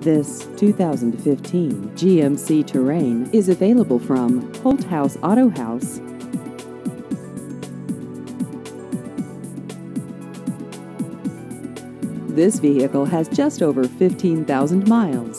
This 2015 GMC Terrain is available from Holt House Auto House. This vehicle has just over 15,000 miles.